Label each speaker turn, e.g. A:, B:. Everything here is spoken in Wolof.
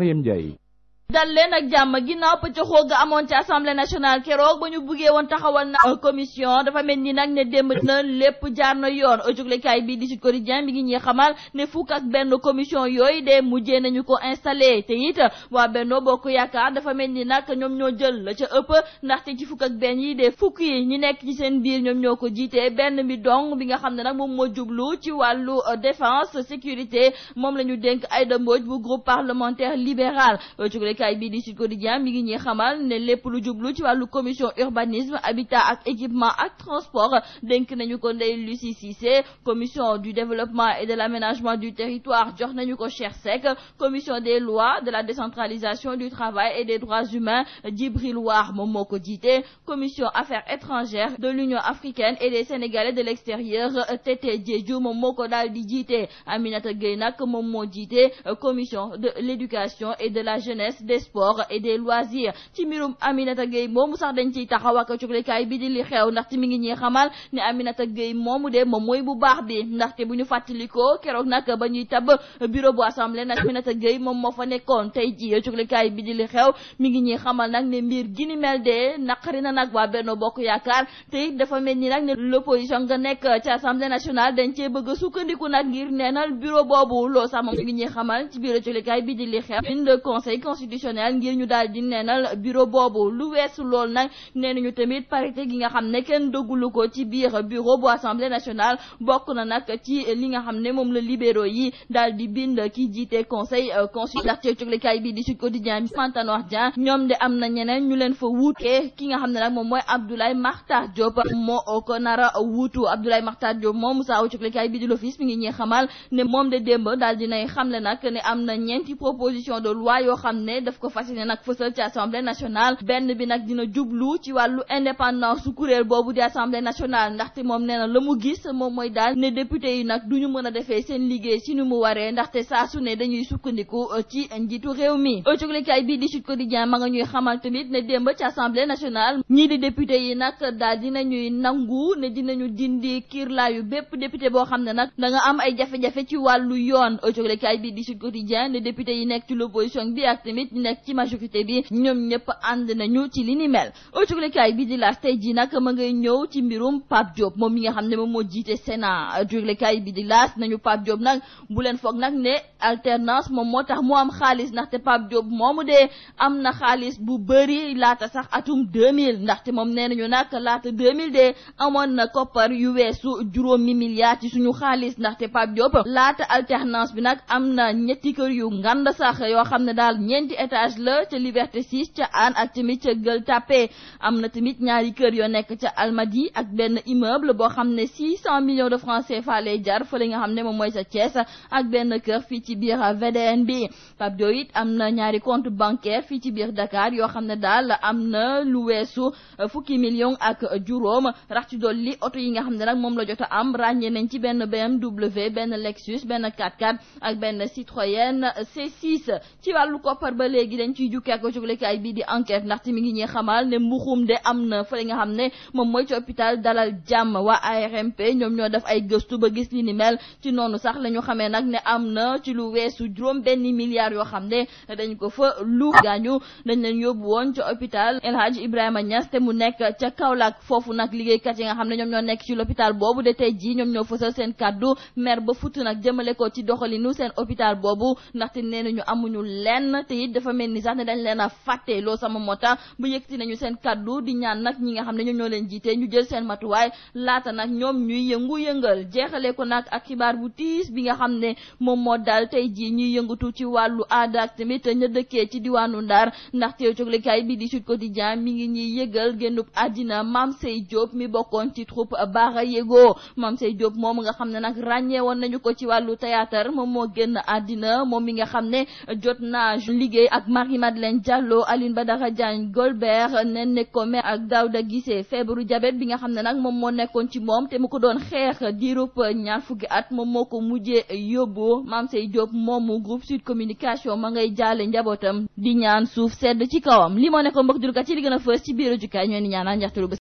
A: Em vậy dal leen ak jàmm ginnaaw pëcc xoo amoon ci assemblée nationale keroog ba ñu buggee woon taxawal na commission dafa mel ni nag ne démb na lépp jaar na yoon ëjuglekaay bi di Sud Quotidien bi ngi ñuy xamal ne fukk ak benn commission yooyu de mujjee nañu ko installé te it waa Benno Bokk Yaakaar dafa mel ni nag ñoom ñoo jël la ca ëpp ndaxte ci fukk ak benn yi de fukk yi ñi nekk ci seen biir ñoom ñoo ko jiitee benn bi dong bi nga xam ne nag moom moo jublu ci wàllu euh, défense sécurité moom la ñu dénk Aïda Mbodj bu groupe parlementaire libéral yéenekaay bi di Sud Quotidien ngi ñuy xamal ne lépp lu jublu ci wàllu commission urbanisme habitat ak équipement ak transport dénk nañu ko Ndeye Lucie Cissé commission du développement et de l'aménagement du territoire jox nañu ko Cheikh Seck commission des lois de la décentralisation du travail et des droits humains Djibril War moom moo ko jiite commission affaires étrangères de l'Union africaine et des Sénégalais de l'extérieur Tete Diedhiou moom moo ko daal di jiite Aminata Gueye moom moo jiite commission de l'éducation et de la jeunesse des sports et des loisirs ci mbirum Aminata Gueye moomu sax dañ ciy taxaw ak cukalikaay bi di li xew ndaxte mi ngi ñuy xamal ne Aminata Gueye moomu de moom mooy bu baax bi ndaxte bu ñu fàttalikoo keroog nag ba ñuy tab bureau bu assemblée nag Aminata Gueye moom moo fa nekkoon tey ji cukalikaay bi di li mi ngi ñuy xamal nag ne mbir gi ni mel de naqari na nag waa Benno Bokk Yaakaar te dafa mel ni nag ne l'opposition nga nekk ci assemblée nationale dañ cee bëgg a sukkandiku nag ngir neenal bureau boobu loo sax moom mi ngi ñuy xamal ci bureau cukalikaay bi di li xew conseil constitutionnel constitutionnel ngir ñu daal di neenal bureau boobu lu weesu lool nag nee nañu tamit parité gi nga xam ne kenn dëggulu ko ci biir bureau bu assemblée nationale bokk na nag ci li nga xam ne moom la libéraux yi daal di bind ki jiite conseil euh, consultatif coglikaay bi di Sud Quotidien bi Tanor Dieng ñoom de am na ñeneen ñu leen fa wuutee ki nga xam ne nag moom mooy Abdoulaye Makhtar Diop moo ko nara wuutu Abdoulaye Makhtar Diop moom saa wu coglikaay bi di l'office mi ngi ñuy xamal ne moom de démb daal dinay xamle nag ne am na ñeenti proposition de loi yoo xam ne daf ko fas yéene nag fësal ci assemblée nationale benn bi nag dina jublu ci wàllu indépendance su kuréel boobu di assemblée nationale ndaxte moom ne na la mu gis moom mooy daal ne député yi nag du ñu mën a defee seen liggéey si nu mu waree ndaxte saa su ne dañuy sukkandiku euh, ci njiitu réew mi euh, coglekaay bii di Sud Quotidien ma nga ñuy xamal tamit ne démb ca assemblée national ñii di député yi nag daal dinañuy nangu ne dinañu dindi kiirlaayu bépp député boo xam ne nag da am ay jafe ci wàllu yoon euh, coglekaay bii di Sud Quotidien ne député yi nekk ci l'opposition bi nit ñi nekk ci majorité bi ñoom ñëpp ànd nañu ci li ni mel autorikaay bi di laas tey jii nag ma ngay ñëw ci mbirum Pape Diop moom mi nga xam ne moom moo jiite Sénat autorikaay bi di laas nañu Pape Diop nag bu leen foog nag ne alternance moom moo tax mu am xaalis ndax ndaxte Pape Diop moomu de am na xaalis bu bëri laata sax atum 2000 ndaxte moom nee nañu nag laata 2000 de amoon na koppar yu weesu juróomi milliards ci suñu xaalis ndaxte Pape Diop laata alternance bi nag am na ñetti kër yu ngand yoo xam ne daal étage la ca Liberté 6 ca Hann ak tamit ca Gueule Tapée am na tamit ñaari kër yoo nekk ca Almadies ak benn immeuble boo xam ne 600 millions de francs CFA lay jar fële nga xam ne moom mooy sa Thiès ak benn kër fii ci biir VDN bi Pape Diop it am na ñaari compte bancaire fii ci biir Dakar yoo xam ne daal am na lu weesu fukki millions ak juróom rax ci dolli oto yi nga xam ne nag moom la jot am ràññee nañ ci benn BMW benn Lexus benn 4x4 ak benn Citroën C6 ci ba léegi dañ ciy jukkee ak jóglekaay bii di enquête ndaxte mi ngi ñuy xamal ne mbuxum de am na fële nga xam ne moom mooy ci hôpital dalal jàmm waa ARMP ñoom ñoo def ay gëstu ba gis li ni mel ci noonu sax la ñu xamee nag ne am na ci lu weesu juróom benn milliards yoo xam ne dañu ko fa lu gaañu dañ leen yóbbu woon ca hôpital El Hadj Ibrahima Niass te mu nekk ca Kaolack foofu nag liggéeykat yi nga xam ne ñoom ñoo nekk ci l'hôpital boobu de tey jii ñoom ñoo fësal seen kàddu mer ba futt nag jëmale ko ci doxalinu seen hôpital boobu ndaxte dafa mel ni sax ne dañ leen a fàtte loo sama moo tax bu nañu seen kaddu di ñaan nag ñi nga xam ne ñoom ñoo leen jiite ñu jël seen matuwaay laata nag ñoom ñuy yëngu-yëngal jeexale ko nag ak xibaar bu tiis bi nga xam ne moom moo daal tey jii ñuy yëngatu ci wàllu aada ak tamit ñu dëkkee ci diwaanu Ndar ndaxte coglikaay bi di Sud Quotidien mi ngi ñuy yëgal génnub àddina Mame Sey Diop mi bokkoon ci troupe Bara Yego Mame Sey Diop moom nga xam ne nag ràññeewoon nañu ko ci wàllu théâtre moom moo génn àddina moom mi nga xam ne Ndoye ak marie ba dara Aline Badara Diagne Golbert Néné Komé ak Daouda Guissé feebaru jabet bi nga xam ne nag moom moo nekkoon ci moom te mu ko doon xeex diirub ñaan fukki at moom moo ko mujjee yóbbu Mame Sey moom moomu groupe Sud Communication ma ngay jaale njabootam di ñaan suuf sedd ci kawam li moo nekkoon mbokk julkat ci li gën a fës ci biir jukaay ñoo ni ñaanal njaxtalu